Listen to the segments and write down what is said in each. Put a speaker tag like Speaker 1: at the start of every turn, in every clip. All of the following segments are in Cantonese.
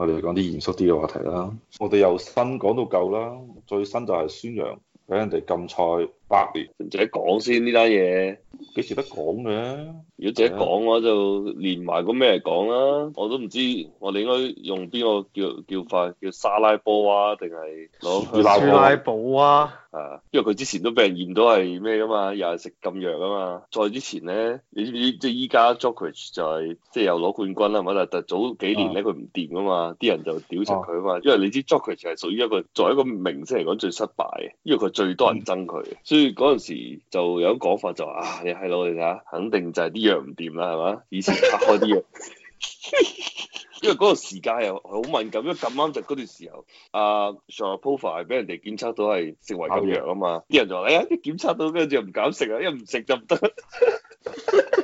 Speaker 1: 我哋講啲嚴肅啲嘅話題啦。我哋由新講到舊啦，最新就係孫楊
Speaker 2: 俾人哋禁賽。百年唔使講先呢單嘢，幾時得講嘅？如果只係講嘅話，就連埋個咩嚟講啦、啊。我都唔知我哋應該用邊個叫叫法，叫沙拉波娃？定係攞舒拉波娃？係、啊，因為佢之前都俾人驗到係咩㗎嘛，又係食禁藥㗎嘛。再之前咧，你知唔知、ok 就是、即係依家 Djokovic 就係即係又攞冠軍啦嘛，但但早幾年咧佢唔掂㗎嘛，啲人就屌食佢啊嘛。因為你知 Djokovic、ok、係屬於一個作為一個明星嚟講最失敗嘅，因為佢最多人憎佢。嗯跟住嗰陣時就有講法，就話、啊、你係囉，你睇下，肯定就係啲藥唔掂啦，係嘛？以前拆開啲藥， 因為嗰陣時間又好敏感，因為咁啱就嗰段時候，阿 Sharapova 俾人哋檢測到係食違禁藥啊嘛，啲 人就話：你、哎、呀，一檢測到跟住又唔敢食啊，一唔食就唔得。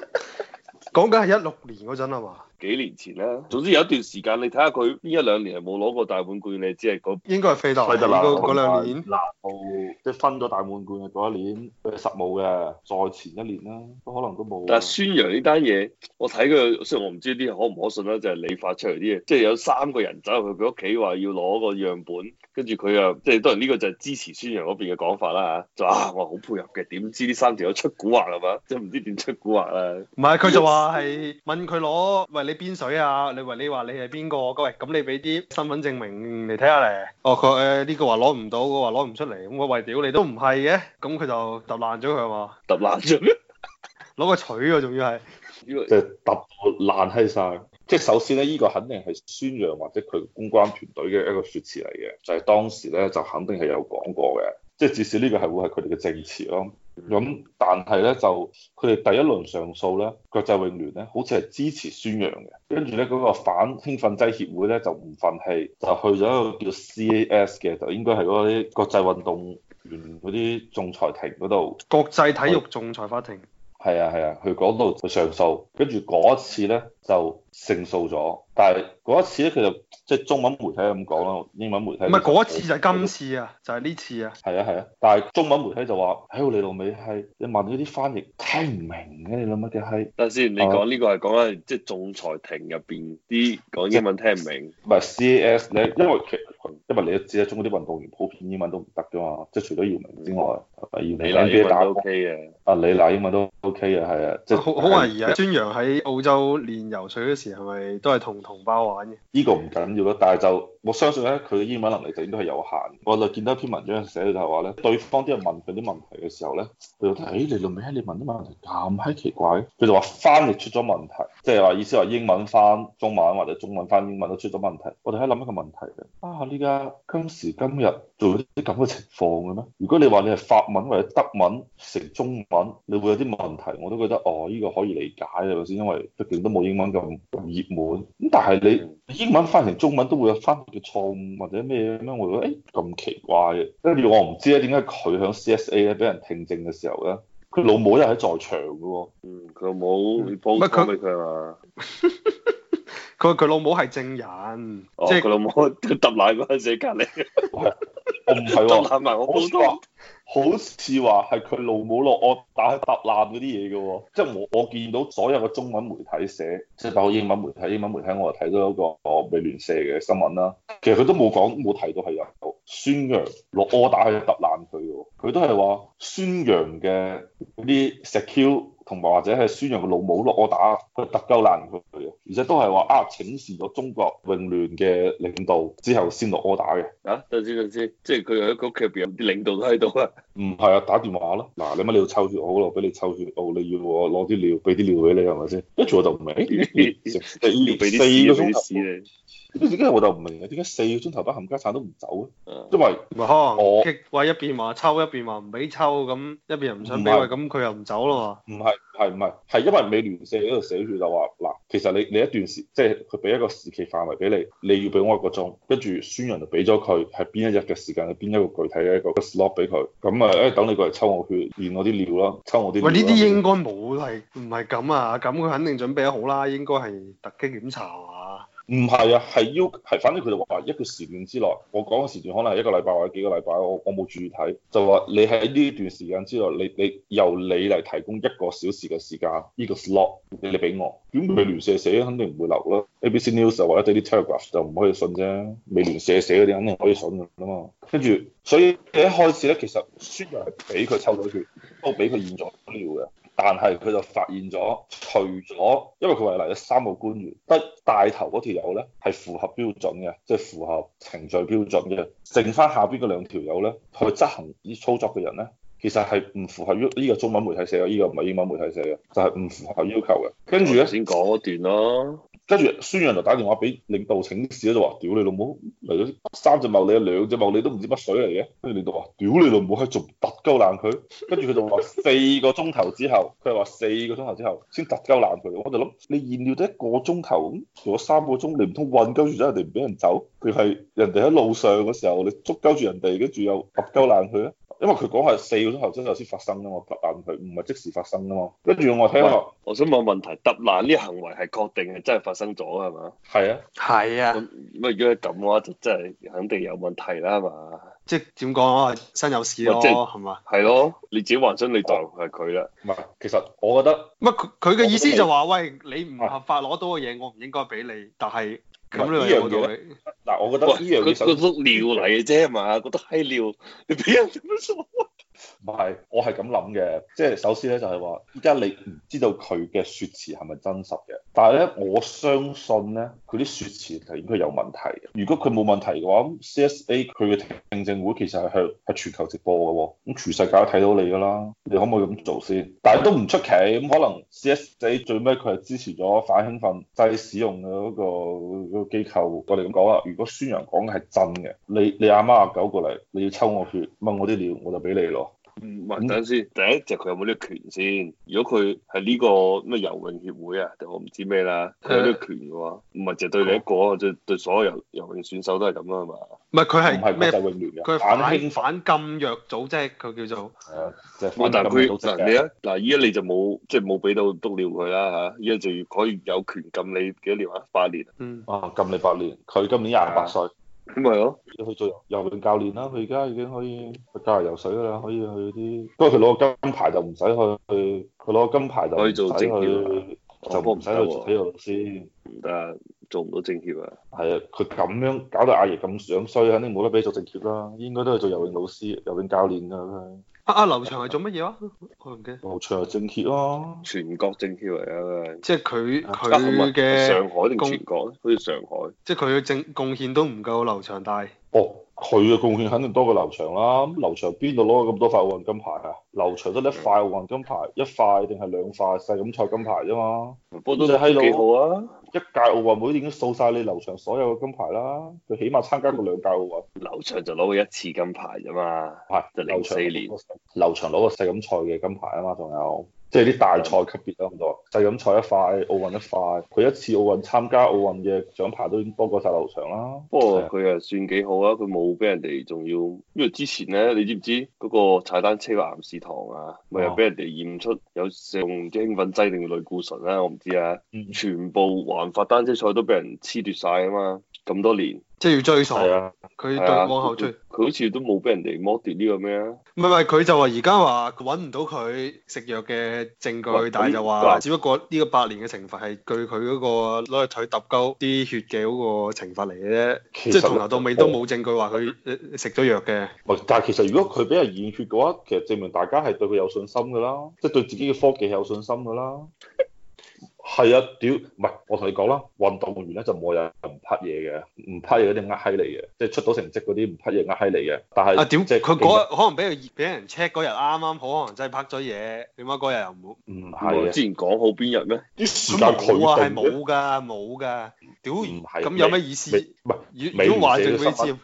Speaker 3: 講緊係一六年嗰陣啊嘛，
Speaker 2: 幾年前啦。總之有一段時間，你睇下佢呢一兩年係冇攞過大滿貫，你只係、那個應
Speaker 3: 該係費德勒嗰兩年，即係、就
Speaker 1: 是、分咗大滿貫嘅嗰一年，佢實冇嘅，再前一年啦，都可能都冇。但係孫楊呢
Speaker 2: 單嘢，我睇佢雖然我唔知啲可唔可信啦，就係你發出嚟啲嘢，即、就、係、是、有三個人走入去佢屋企話要攞個樣本。跟住佢啊，即係當然呢個就係支持孫楊嗰邊嘅講法啦，就話我好配合嘅，點知呢三條友出蠱惑咁啊，即係唔知點出蠱惑啊！唔
Speaker 3: 係佢就話係問佢攞，喂你邊水啊？你喂你話你係邊個？喂咁你俾啲身份證明你睇下嚟？哦，佢誒呢個話攞唔到，佢話攞唔出嚟，咁我喂屌你都唔係嘅，咁佢就揼爛咗佢 啊嘛，揼 爛咗，攞個錘啊仲
Speaker 1: 要係，即係揼爛係晒。即係首先咧，呢個肯定係孫楊或者佢公關團隊嘅一個説詞嚟嘅，就係當時咧就肯定係有講過嘅，即係至少呢個係會係佢哋嘅證詞咯。咁但係咧就佢哋第一輪上訴咧，國際泳聯咧好似係支持孫楊嘅，跟住咧嗰個反興奮劑協會咧就唔忿氣，就去咗一個叫 CAS 嘅，就應該係嗰啲國際運動員嗰啲仲裁庭嗰度，國際體育
Speaker 3: 仲裁法庭。
Speaker 1: 係啊係啊，去嗰度去上訴，跟住嗰一次咧。就勝訴咗，但係嗰一次咧，其實即係中文媒體咁講咯，英文媒體唔係嗰一次就
Speaker 3: 係今次啊，就係呢次啊。
Speaker 1: 係啊係啊，但係中文媒體就話喺我哋度咪係，你問嗰啲翻譯聽唔明嘅，你諗乜嘢閪？等下先，你講呢
Speaker 2: 個係講緊即係仲裁庭入邊啲講英文聽唔明，唔
Speaker 1: 係 C S 你因為其因為你都知啦，中國啲運動員普遍英文都唔得噶嘛，即係除咗姚明之外，姚明英文打 OK 嘅，阿李娜英文都 OK 啊，係啊，即係好好懷疑啊，孫楊
Speaker 3: 喺澳洲練。游水嗰時係咪都係同同胞玩嘅？
Speaker 1: 呢個唔緊要咯，但係就我相信咧，佢嘅英文能力就應該係有限。我就見到一篇文章寫就係話咧，對方啲人問佢啲問題嘅時候咧，佢覺得誒你做咩？你問啲問題咁閪奇怪，佢就話翻譯出咗問題。即係話意思話英文翻中文或者中文翻英文都出咗問題。我哋喺諗一個問題啊！啊，呢家今時今日仲有啲咁嘅情況嘅咩？如果你話你係法文或者德文成中文，你會有啲問題，我都覺得哦，呢個可以理解係咪先？因為畢竟都冇英文咁咁熱門。咁但係你英文翻成中文都會有翻譯嘅錯誤或者咩咁樣？我覺得誒咁奇怪嘅。因為我唔知咧，點解佢響 CSA 咧俾人聽證嘅時候咧？佢老母又喺在場嘅喎，哦，嗯，佢老
Speaker 2: 母幫手俾佢係嘛。但他
Speaker 3: 佢佢老母係證人，
Speaker 2: 即係佢老母佢揼爛嗰陣時隔離，我唔係揼爛，我好多
Speaker 1: 好似話係佢老母落柯打去揼爛嗰啲嘢嘅喎，即係我我見到所有嘅中文媒體寫，即係包括英文媒體，英文媒體我睇到一個美聯社嘅新聞啦、啊，其實佢都冇講冇提到係有孫楊落柯打去揼爛佢嘅，佢、哦、都係話孫楊嘅啲石 Q，同埋或者係孫楊嘅老母落柯打去揼鳩爛佢。而且都係話啊，請示咗中國泳聯嘅領導之後先落柯打嘅。
Speaker 2: 啊，等先等先，即係佢喺屋企入邊有啲領導都喺度啊。
Speaker 1: 唔係啊，打電話咯。嗱、啊，你乜你要抽血？好咯，俾你抽血。哦，你要我攞啲尿，俾啲尿俾你係咪先？跟住我就唔明。
Speaker 3: 四 四個鐘頭事
Speaker 2: 嚟。點解我
Speaker 1: 就唔明啊？點解四個鐘頭班冚家鏟都唔走咧？嗯、
Speaker 3: 因為唔係可能極為我一邊話抽一邊話唔俾抽咁，一邊，一邊，一邊是又唔想俾佢咁，佢又唔走咯喎。唔係，係唔係？
Speaker 1: 係因為美聯社喺度寫住就話嗱，其實你你一段時，即係佢俾一個時期範圍俾你，你要俾我一個鐘，跟住孫楊就俾咗佢係邊一日嘅時間，係邊一個具體嘅一個 slot 俾佢咁啊。誒、哎，等你過嚟抽我血，驗我啲尿啦，抽我啲尿。喂，呢啲應
Speaker 3: 該冇係唔係咁啊，咁佢肯定準備得好啦，應該係突擊檢查啊。
Speaker 1: 唔係啊，係要係，反正佢就話一個時段之內，我講嘅時段可能係一個禮拜或者幾個禮拜，我我冇注意睇，就話你喺呢段時間之內，你你由你嚟提供一個小時嘅時間，呢、呢個 slot 你你俾我，咁佢聯社寫，寫肯定唔會留啦，ABC News 或者 Daily Telegraph 就唔可以信啫，美聯社寫嗰啲肯定可以信㗎嘛。跟住所以一開始咧，其實孫楊係俾佢抽到血，都俾佢現在料嘅。但係佢就發現咗，除咗因為佢圍嚟咗三個官員，得帶頭嗰條友咧係符合標準嘅，即係符合程序標準嘅，剩翻下邊嗰兩條友咧去執行啲操作嘅人咧，其實係唔符合於呢個中文媒體寫嘅，呢個唔係英文媒體寫嘅，就係唔符合要求嘅。跟住咧，先講一段咯。跟住孫楊就打電話俾領導請示，喺度話：屌你老母嚟咗三隻物，你有兩隻物，你都唔知乜水嚟嘅。跟住領導話：屌你老母，閪仲突鳩爛佢。跟住佢就話四個鐘頭之後，佢係話四個鐘頭之後先突鳩爛佢。我就諗你燃料得一個鐘頭，做咗三個鐘，你唔通韞鳩住咗人哋唔俾人走，佢係人哋喺路上嘅時候，你捉鳩住人哋，跟住又突鳩爛佢咧？因為佢講係四個鐘頭後先有先發生噶嘛，揼爛佢唔係即時發生噶嘛，跟住我聽落，
Speaker 2: 我想問個問題，揼爛呢行為係確定係真係發生咗係嘛？係是啊，係啊，咁如果係咁嘅話，就真係肯定有問題啦係嘛？
Speaker 3: 即係點講啊，身有事咯係嘛？係
Speaker 2: 吧咯，你自己話齋，你當係佢啦。唔係，其實我覺得乜佢佢嘅意思就話
Speaker 3: 喂，你唔合法攞到嘅嘢，我唔應該俾你，的但係。咁呢哇樣嘢，
Speaker 2: 嗱、啊，我覺得呢哇樣啲佢佢碌尿嚟嘅啫係嘛，覺得閪尿，你俾人點樣數？
Speaker 1: 唔係，我係咁諗嘅，即係首先咧就係話，依家你唔知道佢嘅説詞係咪真實嘅。但係咧，我相信咧，佢啲説詞係應該有問題。如果佢冇問題嘅話，咁 C S A 佢嘅聽證會其實係係全球直播嘅喎，咁、嗯、全世界都睇到你噶啦。你可唔可以咁做先？但係都唔出奇，咁、嗯、可能 C S A 最尾佢係支持咗反興奮劑使用嘅嗰個嗰個機構。我哋咁講啦，如果孫楊講嘅係真嘅，你你阿媽阿狗過嚟，你要抽我血掹我啲料，我就俾你
Speaker 2: 咯。唔等等先，第一就係佢有冇啲權先。如果佢係呢個咩游泳協會啊，我唔知咩啦，佢的有啲權嘅話，唔係就對你一個，即係的對所有游游泳選手都係咁啊嘛。唔係佢係咩泳聯嘅，佢反反，反
Speaker 3: 禁藥組織，佢叫做。係啊，就是、反禁藥嗱你啊，
Speaker 2: 嗱依家你就冇，即係冇俾到督尿佢啦
Speaker 1: 吓。依家就要可以有權禁你幾多年啊？八年。嗯、啊，禁你八年，佢今年廿八歲。咁咪咯，要、啊、去做游泳教練啦，佢而家已經可以去教人游水噶啦，可以去啲，不過佢攞個金牌就唔使去，佢攞個金牌就可唔使去，啊、
Speaker 3: 就唔使去做體
Speaker 1: 育老師，唔得，做唔到政協啊。係啊，佢咁樣搞到阿爺咁想衰，肯定冇得俾你做政協啦，應該都係做游泳老師、游泳教練噶啦。
Speaker 3: 啊，阿劉翔係做乜
Speaker 2: 嘢啊？我唔記劉翔係政協咯，全國政協嚟啊！即係佢，佢嘅上海定全國？好似上海。
Speaker 3: 即係佢嘅政貢獻都唔夠劉翔大。
Speaker 1: 哦，佢嘅貢獻肯定多過劉翔啦、啊。咁劉翔邊度攞咁多塊奧運金牌啊？劉翔得一塊奧運金牌，一塊定係兩塊世錦賽金牌啫嘛。
Speaker 2: 我你喺度都幾好啊！
Speaker 1: 一屆奧運會已經掃晒你劉翔所有嘅金牌啦，佢起碼參加過兩屆奧運。劉
Speaker 2: 翔就攞過一次金牌啫嘛，係就零四年，
Speaker 1: 劉翔攞個世錦賽嘅金牌啊嘛，仲有。即係啲大賽級別啦咁多，世錦賽一塊，奧運一塊。佢一次奧運參加奧運嘅獎牌都已經多過晒劉翔啦。不過佢
Speaker 2: 係算幾好啊，佢冇俾人哋仲要，因為之前咧，你知唔知嗰、那個踩單車個岩士唐啊，咪又俾人哋驗出有上唔知興奮劑定類固醇咧、啊？我唔知啊。全部環法單車賽都俾人褫奪晒啊嘛～咁多年，
Speaker 3: 即係要追索，啊，佢對往後追，
Speaker 2: 佢好似都冇俾人哋剝奪呢個咩啊？
Speaker 3: 唔係唔係，佢就話而家話搵唔到佢食藥嘅證據，是但係就話是只不過呢個八年嘅懲罰係據佢嗰個攞去腿揼溝啲血嘅嗰個懲罰嚟嘅啫，即係從頭到尾都冇證據話佢食咗藥嘅。
Speaker 1: 但係其實如果佢俾人驗血嘅話，其實證明大家係對佢有信心噶啦，即係對自己嘅科技係有信心噶啦。 係啊，屌，唔係，我同你講啦，運動員咧就冇人唔拍嘢嘅，唔拍嘢嗰啲呃嗨嚟嘅，即係出到成績嗰啲唔拍嘢呃嗨嚟嘅。但係啊，屌，佢嗰日
Speaker 3: 可能俾人俾人 check 嗰日啱啱好，可能真係拍咗嘢，點解嗰日又唔好。唔係啊，之前
Speaker 1: 講好邊日咩？啲時間佢定冇啊，
Speaker 3: 係冇㗎，冇㗎。屌，咁有咩意思？唔係，如如果話就未知。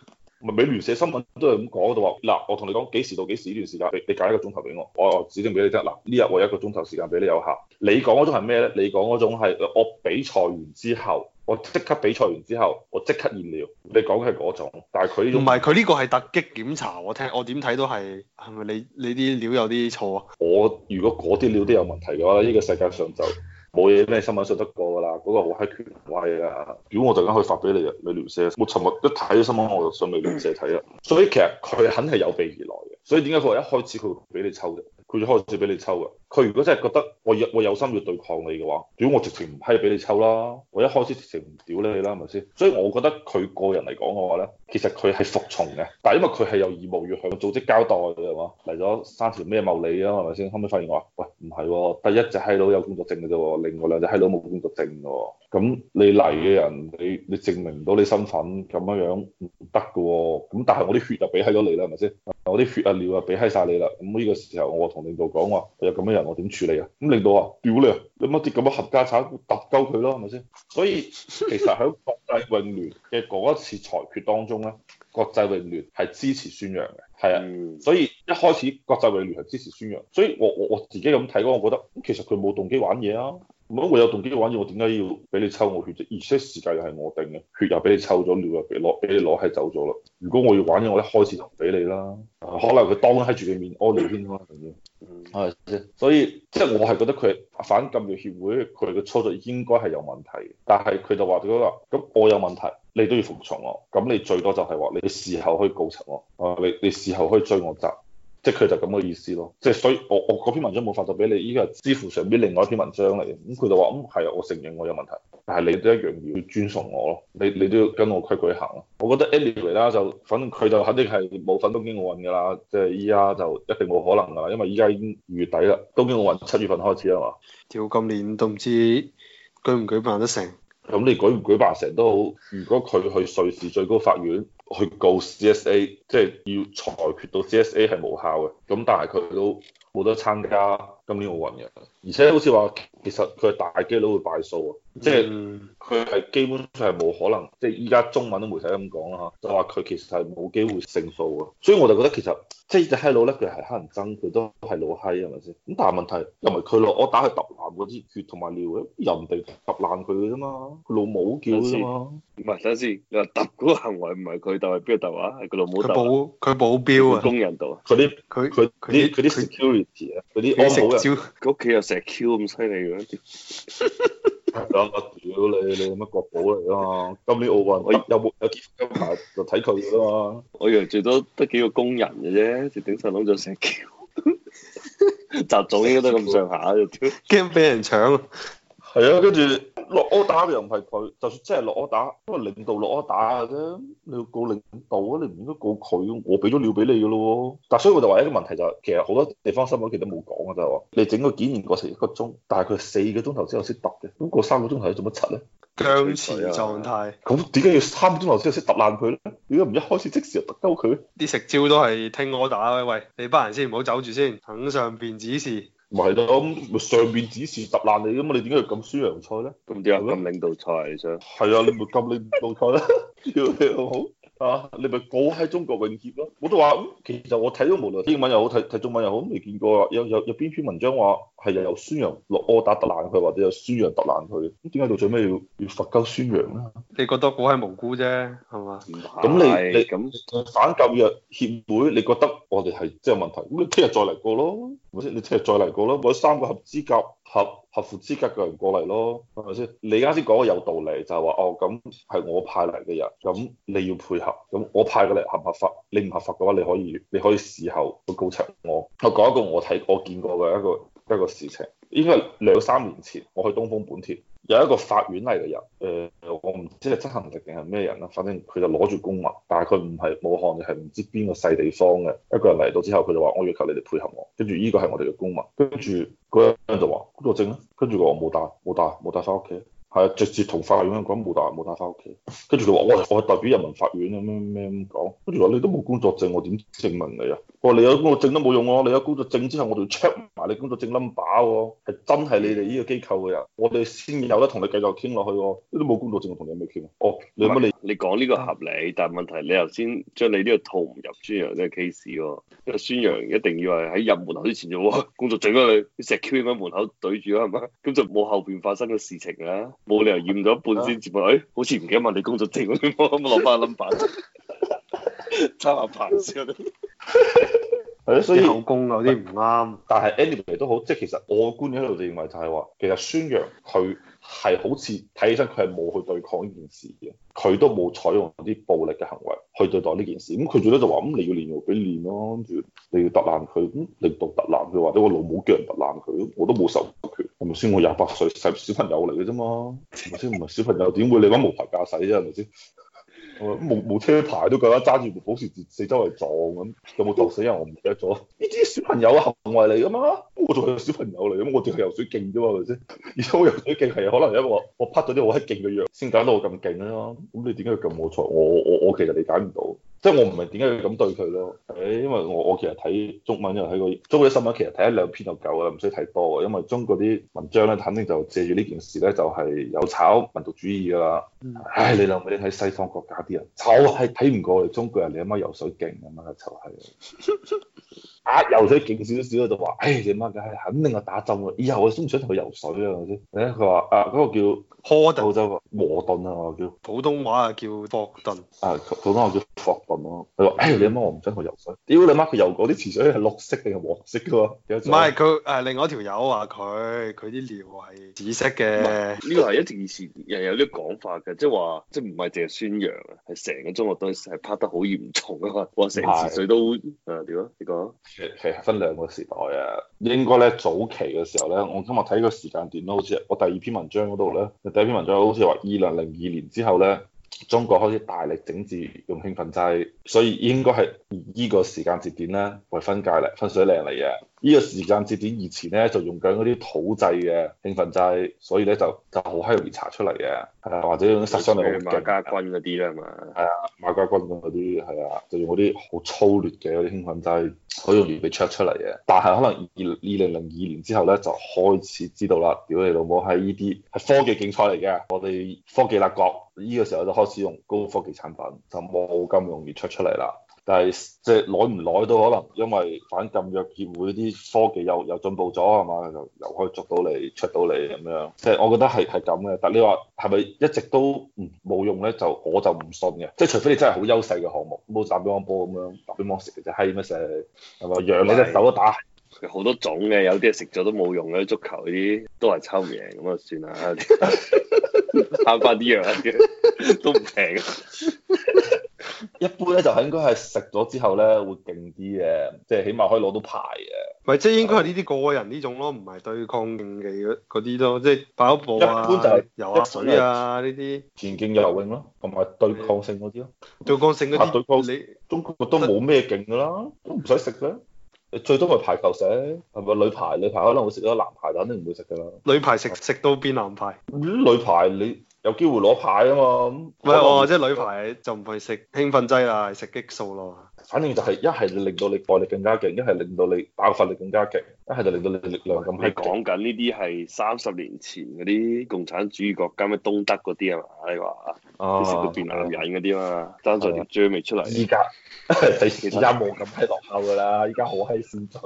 Speaker 1: 咪美聯社新聞都係咁講嘅，嗱我同你講幾時到幾時呢段時間，你你揀一個鐘頭俾我，我指定俾你得。嗱呢日我有一個鐘頭時,時間俾你有效，你講嗰種係咩咧？你講嗰種係我比賽完之後，我即刻比賽完之後，我即刻驗料。
Speaker 3: 你講嘅係嗰種，但係佢呢種唔係佢呢個係突擊檢查，我聽我點睇都係係咪你
Speaker 1: 你啲料有啲錯啊？我如果嗰啲料都有問題嘅話呢、呢個世界上就～冇嘢咩新聞信得過㗎啦，嗰、那個好閪權威啊！如果 我突然間可以發俾你啊，咩條線？我尋日一睇咗新聞我就上微博睇啦，所以其實佢肯係有備而來嘅，所以點解佢話一開始佢會俾你抽嘅？佢一開始俾你抽嘅。佢如果真係覺得我有我有心要對抗你嘅話，主要我直情唔係俾你抽啦，我一開始直情唔屌你啦，係咪先？所以我覺得佢個人嚟講嘅話咧，其實佢係服從嘅，但係因為佢係有義務要向組織交代嘅話，嚟咗三條咩茂利啊，係咪先？後尾發現我話，喂唔係、哦，第一隻閪佬有工作證嘅啫，另外兩隻閪佬冇工作證嘅，咁、嗯、你嚟嘅人你你證明唔到你身份咁樣樣唔得嘅，咁、哦嗯、但係我啲血就俾閪咗你啦，係咪先？我啲血啊尿啊俾閪晒你啦，咁、嗯、呢、這個時候我同領導講話，有咁樣我點處理啊？咁令到啊屌你啊！乜啲咁嘅合家產搭鳩佢咯，係咪先？所以其實喺國際泳聯嘅嗰一次裁決當中咧，國際泳聯係支持孫楊嘅，係啊。嗯、所以一開始國際泳聯係支持孫楊，所以我我我自己咁睇嗰個，我覺得其實佢冇動機玩嘢啊。唔好，我有動機玩嘢，我點解要俾你抽我血啫？而且時間又係我定嘅，血又俾你抽咗，尿又俾攞，俾你攞係走咗啦。如果我要玩嘢，我一開始就唔俾你啦。可能佢當喺住你面，屙尿添咯，仲要。係咪？所以即係、就是、我係覺得佢反禁藥協會，佢嘅操作應該係有問題。但係佢就話咗啦，咁我有問題，你都要服從我。咁你最多就係話你事後可以告出我，你你事後可以追我債。即係佢就咁嘅意思咯，即係所以我我嗰篇文章冇發到俾你，依家係知乎上邊另外一篇文章嚟嘅，咁佢就話，嗯係啊、嗯，我承認我有問題，但係你都一樣要尊崇我咯，你你都要跟我規矩行咯。我覺得 anyway 啦就，反正佢就肯定係冇份東京奧運㗎啦，即係依家就一定冇可能㗎，因為依家已經二月底啦，東京奧運七月份開始係嘛？照今年都唔知舉唔舉辦得成？咁你舉唔舉辦成都好？如果佢去瑞士最高法院去告 C S A，即係要裁決到 C S A 係無效嘅，咁但係佢都冇得參加。今年奧運嘅，而且好似話，其實佢係大基佬去敗訴啊，嗯、即係佢係基本上係冇可能，即係依家中文都媒體咁講啊嚇，就話佢其實係冇機會勝訴啊，所以我就覺得其實即係隻閪佬咧，佢係黑人憎，佢都係老閪，係咪先？咁但係問題又唔係佢咯，我打佢揼爛嗰啲血同埋尿，
Speaker 2: 又唔定揼爛佢嘅啫嘛，
Speaker 3: 佢老母叫嘅嘛。
Speaker 2: 唔係，等先，你話揼嗰個行為唔係佢，但係邊個揼啊？係佢老母揼。佢保
Speaker 3: 佢保鏢啊！工
Speaker 2: 人度，啊，啲
Speaker 3: 佢佢啲佢啲 security
Speaker 2: 啊，嗰啲安保。食佢屋企有石 Q 咁犀利嘅，兩個屌你你乜國寶嚟㗎嘛？今年奧運我有冇有今排就睇佢㗎嘛？我以為最多得幾個工人嘅啫，就頂曬攏咗石 Q。 習總應該都咁上下，驚俾 人搶。
Speaker 1: 係 啊，跟住。落 order 又唔係佢，就算真係落 order，都係領導落 order 嘅啫。你要告領導啊，你唔應該告佢。我俾咗料俾你噶咯。但所以我就話一個問題就係，其實好多地方新聞其實冇講嘅就係話，你整個檢驗過程一個鐘，但係佢四個鐘頭之後先揼嘅，咁個三個鐘頭做乜柒咧？僵持狀態。咁點解要三個鐘頭之後先揼爛佢咧？點解唔一開始即時就揼鳩佢？
Speaker 3: 啲食招都係聽我打，喂喂，你班人先唔好走住先，肯上便指示。唔係
Speaker 1: 啦，上面指示揼
Speaker 3: 爛你㗎嘛，你點解要撳
Speaker 1: 輸贏賽呢？咁點解撳領導賽想？係啊， 你咪撳領導賽啦！屌你老母！啊！你咪講喺中國永劫咯，我都話、嗯，其實我睇到無論英文又好睇睇中文又好，未見過啊！有有有邊篇文章話係由孫楊落柯打特爛去，或者由孫楊特爛去。咁點解到最尾要要罰鳩孫楊
Speaker 3: 咧？你覺得講係蒙古啫，係嘛？唔
Speaker 2: 係咁你你
Speaker 1: 咁反禁藥協會，你覺得我哋係真係問題？咁你聽日再嚟過咯，係咪你聽日再嚟過咯，或者三個合資格。合合乎資格嘅人過嚟咯，係咪先？你啱先講嘅有道理就，就係話哦，咁係我派嚟嘅人，咁你要配合，咁我派佢嚟合唔合法？你唔合法嘅話，你可以你可以事後去告斥我。我講一個我睇我見過嘅一個一個事情，應該係兩三年前，我去東風本田，有一個法院嚟嘅人，誒、呃、我唔知係執行力定係咩人啦，反正佢就攞住公文。但係佢唔係武漢，係唔知邊個細地方嘅一個人嚟到之後，佢就話我要求你哋配合我，跟住呢個係我哋嘅公文。跟住。嗰人就話工作證啊？跟住我冇帶冇帶冇帶返屋企，係直接同法院咁講冇帶冇帶返屋企，跟住佢話我係代表人民法院咁樣咩咁講，跟住話你都冇工作證，我點證明你啊？你有工作證都冇用喎、啊，你有工作證之後我哋 check 埋你工作證 number 喎、啊，係真係你哋呢個機構嘅人，我哋先有得同你繼續傾落去喎、啊。都冇工作證我同你咩傾啊？哦，你乜你
Speaker 2: 你講呢個合理，但係問題你頭先將你呢個套唔入，入孫楊呢個 case 喎、啊，因為孫楊一定要係喺入門口之前就、啊、工作證啊你，啲石 Q 喺門口對住啊係咪？咁就冇後邊發生嘅事情啦、啊，冇理由驗咗一半先接落去！好似唔記得問你工作證咁、啊，我冇攞翻 number，查下牌先。係所以老公
Speaker 1: 有啲唔啱。但係 anyway 都好，即係其實我嘅觀點喺度就認為就係話，其實孫楊佢係好似睇起身佢係冇去對抗呢件事嘅，佢都冇採用啲暴力嘅行為去對待呢件事。咁佢最多就話，咁你要練就俾練咯，跟住你要揼爛佢，咁你獨特爛佢，或者我老母叫人揼爛佢，我都冇受權，係咪先？我廿八歲細小朋友嚟嘅啫嘛，係咪先？唔係小朋友點會你玩無牌駕駛啫、啊，係咪先？冇冇車牌都覺得揸住部保時捷四周圍撞咁，有冇撞死人我唔記得咗。呢 啲小朋友嘅行為嚟噶嘛？我仲係個小朋友嚟，咁我仲係游水勁啫嘛，係咪先？而且我游水勁係可能因為我我啪咗啲好閪勁嘅藥，先搞到我咁勁嘛、啊。咁你點解咁冇才？我我我其實理解唔到。即係我唔係點解要咁對佢咯？誒，因為我我其實睇中文又睇過中國啲新聞，其實睇一兩篇就夠啦，唔需睇多嘅。因為中國啲文章咧，肯定就借住呢件事咧，就係有炒民族主義㗎啦。唉，你諗你睇西方國家啲人就係睇唔過我哋，中國人你阿媽游水勁，阿媽去就係。 啊游水勁少少啊就話，唉你媽嘅，肯定係打針啊，以後我都唔想同佢游水啊，先，佢、哎、話啊嗰、那個叫柯頓就河頓啊叫，普通話啊叫霍頓，啊佢佢話叫霍頓咯、啊，佢話唉你媽我唔想去游水，屌、哎、你媽佢游過啲池水係綠色定係
Speaker 2: 黃
Speaker 3: 色嘅，唔係佢誒另外一條友話佢佢啲尿係紫色嘅，呢個係一
Speaker 2: 直以前有啲講法嘅，即係話即係唔係淨係宣揚啊，係成個中國都係拍得好嚴重啊，話成池水都誒點啊，啊，啊你講。其其實分
Speaker 1: 兩個時代啊，應該呢早期嘅時候呢，我今日睇個時間段都好似，我第二篇文章嗰度呢，第一篇文章好似話二零零二年之後呢。中國開始大力整治用興奮劑，所以應該係依個時間節點咧為分界嚟，分水嶺嚟嘅。依個時間節點以前咧就用緊嗰啲土製嘅興奮劑，所以咧就就好閪容易查出嚟嘅。係啊，或者用啲殺傷力好勁。馬
Speaker 2: 家軍嗰啲啦嘛，係啊，
Speaker 1: 馬家軍嗰啲係啊，就用嗰啲好粗劣嘅嗰啲興奮劑，好容易被 check 出嚟嘅。但係可能二二零零二年之後咧就開始知道啦，屌你老母係呢啲係科技競賽嚟嘅，我哋科技立國。呢個時候就開始用高科技產品，就冇咁容易出出嚟啦。但係即係耐唔耐都可能，因為反禁藥協會啲科技又又進步咗，係嘛？又又可以捉到你，出到你咁樣。即係我覺得係係咁嘅。但係你話係咪一直都冇、嗯、用咧？就我就唔信嘅。即係除非你
Speaker 2: 真係好優勢嘅項目，冇打乒乓波咁樣，打我食嘅就閪咩成係咪讓你隻手都打？好多種嘅，有啲係食咗都冇用嘅，足球嗰啲都係抽唔贏，咁啊算啦，慳翻啲藥嘅，都唔平
Speaker 3: 一般咧就係、是、應該係
Speaker 1: 食咗之後咧會勁啲嘅，即係起碼可以攞到牌嘅。
Speaker 3: 咪即係應該係呢啲個人呢種咯，唔係對抗競技嗰啲咯，即係跑步啊、游下水啊呢啲。
Speaker 1: 田徑游泳咯，同埋對抗性嗰啲咯。對抗性嗰啲，對抗你中國都冇咩勁噶啦，都唔使食嘅。最多咪排球啫，係咪？女排女排，可能會食咗，男排就肯定唔會食噶啦。
Speaker 3: 女排食食到變男排？
Speaker 1: 女排你有機會攞牌啊嘛？唔係喎，即係女排就唔係食興奮劑啦，食激素咯。反正就係一係令到你耐力更加勁，一係令到你
Speaker 2: 爆發力更加勁。一係就令到你個力量咁，係講緊呢啲係三十年前嗰啲共產主義國家咩東德嗰啲啊嘛？你話啲食到變男人嗰啲嘛？單上啲漿未出嚟。依家，睇依家冇咁係落後噶啦，依家好閪先進。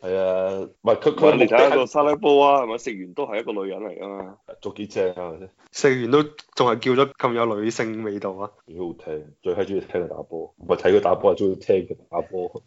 Speaker 2: 係啊，喂，佢佢你睇下個沙拉波啊，係咪食完都係一個女人嚟噶嘛？做
Speaker 3: 幾正啊？咪？食完都仲係叫咗咁有女性味道啊？幾好聽，最係中意聽佢打波，
Speaker 1: 唔係睇佢打波，係中意聽佢打波。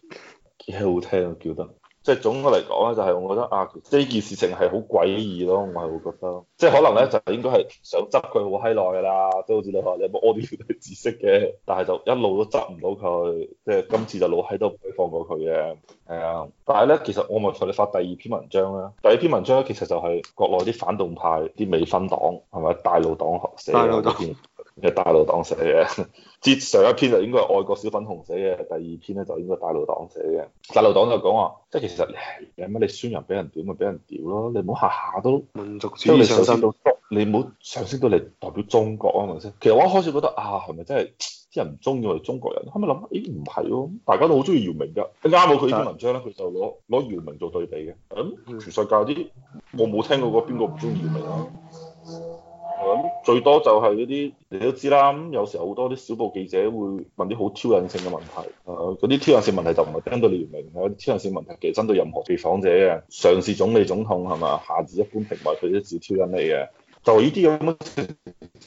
Speaker 1: 幾好聽啊！叫得。即係總嘅嚟講咧，就係、是、我覺得啊，呢件事情係好詭異咯，我係會覺得，即係可能咧就應該係想執佢好閪耐啦，即好似你話有冇屙啲知識嘅，但係就一路都執唔到佢，即係今次就老閪都唔會放過佢嘅。係、嗯、啊，但係咧其實我問佢你發第二篇文章咧，第二篇文章咧其實就係國內啲反動派啲美分黨係咪大老黨寫嘅嗰篇？係大陸黨寫嘅，接上一篇就應該係外國小粉紅寫嘅，第二篇咧就應該係大陸黨寫嘅。大陸黨就講話，即係其實你乜你輸人俾人屌咪俾人屌咯，你唔好下下都民族主義上升，你唔好足上升到嚟代表中國啊嘛先。其實我一開始覺得啊，係咪真係啲人唔中意我哋中國人？後咪諗，咦唔係咯，大家都好中意姚明嘅。啱好佢呢篇文章咧，佢就攞攞姚明做對比嘅。咁、嗯、全世界啲我冇聽過個邊個唔中意姚明啊？最多就係嗰啲，你都知啦。咁有時候好多啲小報記者會問啲好挑釁性嘅問題。誒、呃，嗰啲挑釁性問題就唔係針對你而明，挑釁性問題其實針對任何被訪者嘅，上至總理總統係嘛？下至一般平民，佢都係挑釁你嘅。就呢啲咁嘅情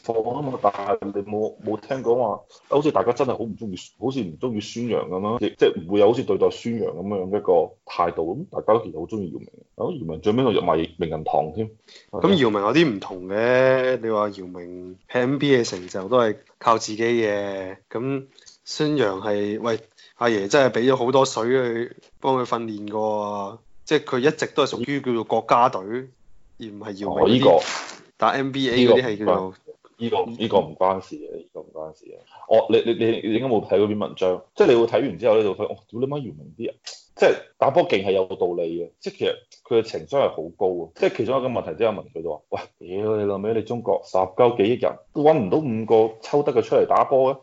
Speaker 1: 況啊嘛，但係你冇冇聽講話？好似大家真係好唔中意，好似唔中意孫楊咁樣，即係唔會有好似對待孫楊咁樣嘅一個態度咁。大家都其實好中意姚明，啊，姚明最尾仲入埋
Speaker 3: 名人堂添。咁姚明有啲唔同嘅，你話姚明喺 NBA 成就都係靠自己嘅。咁孫楊係喂阿爺真係俾咗好多水去幫佢訓練嘅喎，即係佢一直都係屬於叫做國家隊，而唔係姚明呢，哦，呢個。打 NBA 啲係叫做依個依個唔關事嘅，呢個唔關事嘅。
Speaker 1: 哦，你你你你應該冇睇嗰篇文章，即係你會睇完之後咧就覺得，我點解姚明啲人，即係打波勁係有道理嘅，即係其實佢嘅情商係好高嘅。即係其中一個問題問，即係問佢就話，喂，屌你老尾，你中國十鳩幾億人都揾唔到五個抽得嘅出嚟打波嘅。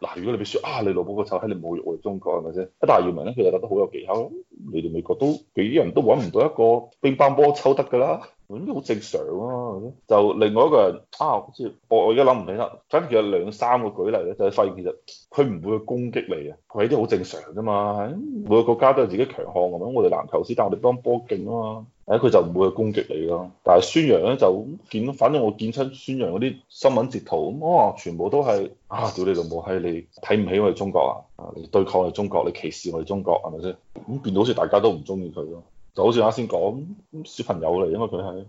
Speaker 1: 嗱、啊，如果你輸啊，你老母個臭閪，你侮辱我哋中國係咪先？一但係姚明咧，佢又打得好有技巧。你哋美國都幾億人都揾唔到一個乒乓波抽得嘅啦。咁都好正常啊！就另外一個人啊，好似我我而家諗唔起啦，反正其實兩三個舉例咧，就係發現其實佢唔會去攻擊你啊，佢啲好正常啫嘛。每個國家都有自己強項咁，我哋籃球師但係我哋幫波勁啊嘛。唉、哎，佢就唔會去攻擊你咯。但係孫楊咧就見到，反正我見親孫楊嗰啲新聞截圖咁，哇、啊，全部都係啊，屌你老母係，你睇唔起我哋中國啊？你對抗我哋中國，你歧視我哋中國係咪先？咁變到好似大家都唔中意佢咯。就好似啱先講，小朋友嚟啊嘛，佢係。